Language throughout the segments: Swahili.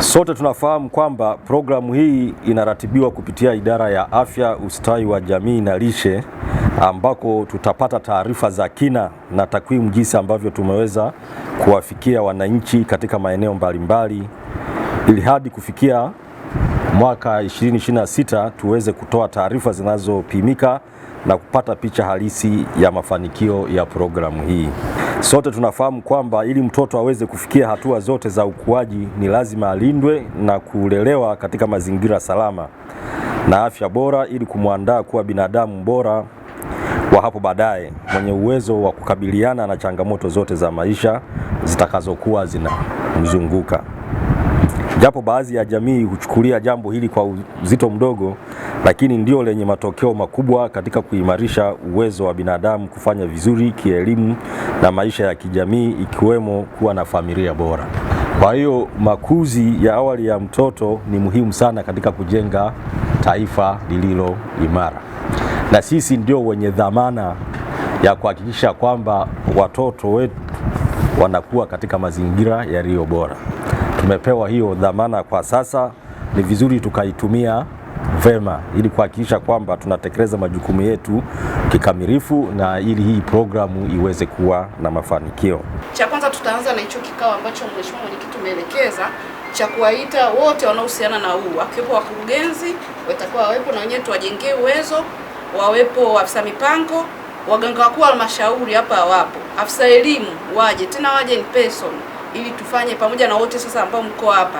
Sote tunafahamu kwamba programu hii inaratibiwa kupitia idara ya afya, ustawi wa jamii na lishe, ambako tutapata taarifa za kina na takwimu jinsi ambavyo tumeweza kuwafikia wananchi katika maeneo mbalimbali, ili hadi kufikia mwaka 2026 tuweze kutoa taarifa zinazopimika na kupata picha halisi ya mafanikio ya programu hii. Sote tunafahamu kwamba ili mtoto aweze kufikia hatua zote za ukuaji ni lazima alindwe na kulelewa katika mazingira salama na afya bora ili kumwandaa kuwa binadamu bora wa hapo baadaye mwenye uwezo wa kukabiliana na changamoto zote za maisha zitakazokuwa zinamzunguka. Japo baadhi ya jamii huchukulia jambo hili kwa uzito mdogo, lakini ndio lenye matokeo makubwa katika kuimarisha uwezo wa binadamu kufanya vizuri kielimu na maisha ya kijamii ikiwemo kuwa na familia bora. Kwa hiyo makuzi ya awali ya mtoto ni muhimu sana katika kujenga taifa lililo imara, na sisi ndio wenye dhamana ya kuhakikisha kwamba watoto wetu wanakuwa katika mazingira yaliyo bora. Tumepewa hiyo dhamana kwa sasa, ni vizuri tukaitumia vema ili kuhakikisha kwamba tunatekeleza majukumu yetu kikamilifu na ili hii programu iweze kuwa na mafanikio. Cha kwanza tutaanza na hicho kikao ambacho mheshimiwa mwenyekiti umeelekeza cha kuwaita wote wanaohusiana na huu, akiwepo wakurugenzi watakuwa wawepo, na wenyewe tuwajengee uwezo, wawepo afisa mipango, waganga wakuu wa halmashauri hapa wapo, afisa elimu waje, tena waje in person, ili tufanye pamoja na wote sasa ambao mko hapa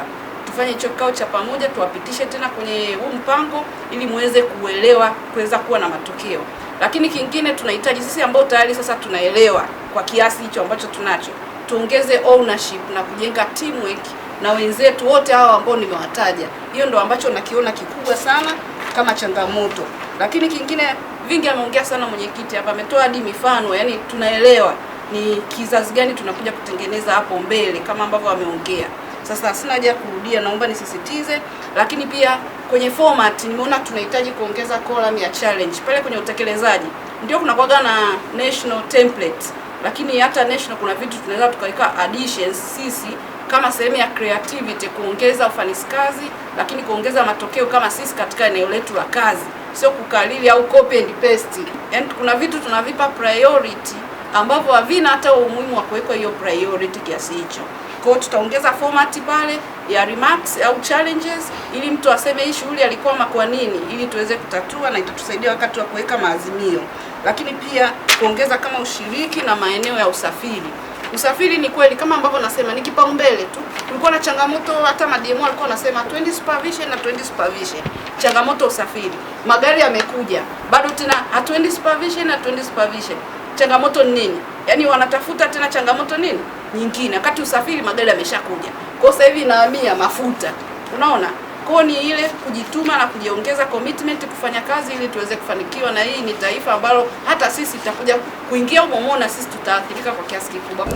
tufanye hicho kikao cha pamoja, tuwapitishe tena kwenye huu mpango ili muweze kuelewa, kuweza kuwa na matokeo. Lakini kingine tunahitaji sisi ambao tayari sasa tunaelewa kwa kiasi hicho ambacho tunacho, tuongeze ownership na kujenga teamwork na wenzetu wote hao ambao nimewataja. Hiyo ndo ambacho nakiona kikubwa sana kama changamoto. Lakini kingine vingi ameongea sana mwenyekiti hapa, ametoa hadi mifano, yani tunaelewa ni kizazi gani tunakuja kutengeneza hapo mbele, kama ambavyo ameongea. Sasa sina haja ya kurudia, naomba nisisitize. Lakini pia kwenye format nimeona tunahitaji kuongeza column ya challenge pale kwenye utekelezaji. Ndio kunakuwaga na national template, lakini hata national kuna vitu tunaweza tukaweka additions sisi kama sehemu ya creativity kuongeza ufanisi kazi, lakini kuongeza matokeo kama sisi katika eneo letu la kazi, sio kukalili au copy and paste. Yaani kuna vitu tunavipa priority ambavyo havina hata umuhimu wa kuwekwa hiyo priority kiasi hicho. Kwa tutaongeza format pale ya remarks au challenges, ili mtu aseme hii shughuli alikwama kwa nini, ili tuweze kutatua na itatusaidia wakati wa kuweka maazimio. Lakini pia kuongeza kama ushiriki na maeneo ya usafiri. Usafiri ni kweli kama ambavyo nasema ni kipaumbele tu. Kulikuwa na changamoto, hata mademo alikuwa anasema twende supervision na twende supervision. Changamoto usafiri, magari yamekuja, bado tena hatuendi supervision na twende supervision. Changamoto ni nini? Yaani wanatafuta tena changamoto nini? nyingine. Wakati usafiri magari yameshakuja, kwa sasa hivi nahamia mafuta, unaona kwa ni ile kujituma na kujiongeza commitment kufanya kazi ili tuweze kufanikiwa, na hii ni taifa ambalo hata sisi tutakuja kuingia umomo na sisi tutaathirika kwa kiasi kikubwa.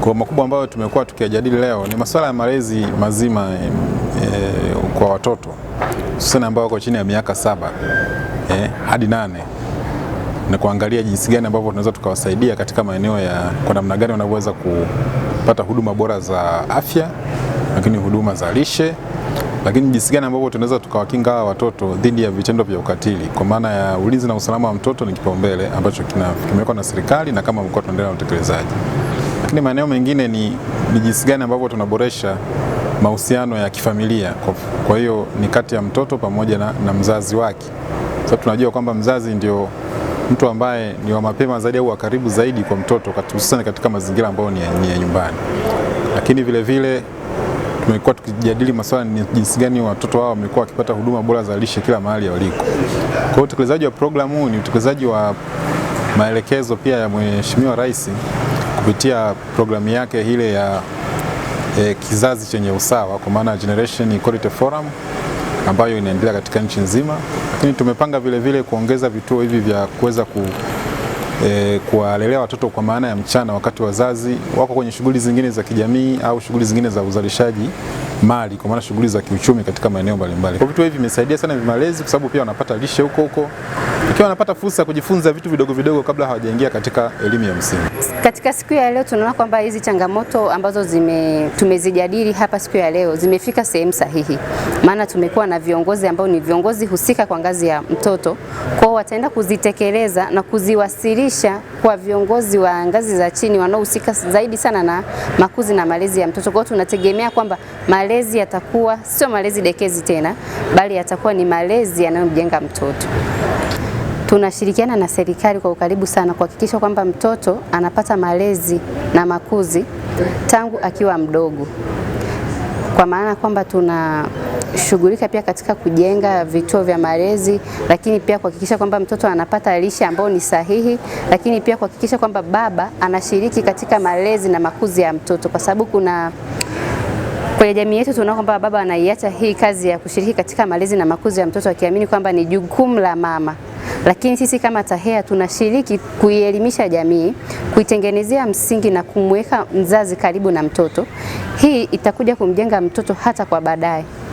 Kwa makubwa ambayo tumekuwa tukiyajadili leo ni masuala ya malezi mazima e, e, kwa watoto hususani ambao wako chini ya miaka saba eh, hadi nane na kuangalia jinsi gani ambavyo tunaweza tukawasaidia katika maeneo ya kwa namna gani wanavyoweza kupata huduma bora za afya, lakini huduma za lishe, lakini jinsi gani ambavyo tunaweza tukawakinga hawa watoto dhidi ya vitendo vya ukatili. Kwa maana ya ulinzi na usalama wa mtoto ni kipaumbele ambacho kimewekwa na serikali na kama mkoa tunaendelea na utekelezaji, lakini maeneo mengine ni, ni jinsi gani ambavyo tunaboresha mahusiano ya kifamilia. Kwa hiyo ni kati ya mtoto pamoja na, na mzazi wake, sababu tunajua kwamba mzazi ndio mtu ambaye ni wa mapema zaidi au wa karibu zaidi kwa mtoto, hususan katika mazingira ambayo ni ya nyumbani. Lakini vile vile tumekuwa tukijadili masuala ni jinsi gani watoto hao wamekuwa wakipata huduma bora za lishe kila mahali waliko. Kwa hiyo utekelezaji wa programu huu ni utekelezaji wa maelekezo pia ya Mheshimiwa Rais kupitia programu yake ile ya e, kizazi chenye usawa kwa maana Generation Equality Forum ambayo inaendelea katika nchi nzima, lakini tumepanga vilevile vile kuongeza vituo hivi vya kuweza ku E, kuwalelea watoto kwa maana ya mchana, wakati wazazi wako kwenye shughuli zingine za kijamii au shughuli zingine za uzalishaji mali, kwa maana shughuli za kiuchumi katika maeneo mbalimbali. Kwa vituo hivi vimesaidia sana vimalezi, kwa sababu pia wanapata lishe huko huko, ikiwa wanapata fursa ya kujifunza vitu vidogo vidogo kabla hawajaingia katika elimu ya msingi. Katika siku ya leo tunaona kwamba hizi changamoto ambazo zime, tumezijadili hapa siku ya leo zimefika sehemu sahihi, maana tumekuwa na viongozi ambao ni viongozi husika kwa ngazi ya mtoto, kwao wataenda kuzitekeleza na kuziwasilisha kwa viongozi wa ngazi za chini wanaohusika zaidi sana na makuzi na malezi ya mtoto. hiyo tunategemea kwamba malezi yatakuwa sio malezi dekezi tena, bali yatakuwa ni malezi yanayomjenga mtoto. Tunashirikiana na serikali kwa ukaribu sana kuhakikisha kwamba mtoto anapata malezi na makuzi tangu akiwa mdogo, kwa maana kwamba tunashughulika pia katika kujenga vituo vya malezi, lakini pia kuhakikisha kwamba mtoto anapata lishe ambayo ni sahihi, lakini pia kuhakikisha kwamba baba anashiriki katika malezi na makuzi ya mtoto, kwa sababu kuna kwenye jamii yetu tunaona kwamba baba anaiacha hii kazi ya kushiriki katika malezi na makuzi ya mtoto akiamini kwamba ni jukumu la mama. Lakini sisi kama TAHEA tunashiriki kuielimisha jamii, kuitengenezea msingi na kumweka mzazi karibu na mtoto. Hii itakuja kumjenga mtoto hata kwa baadaye.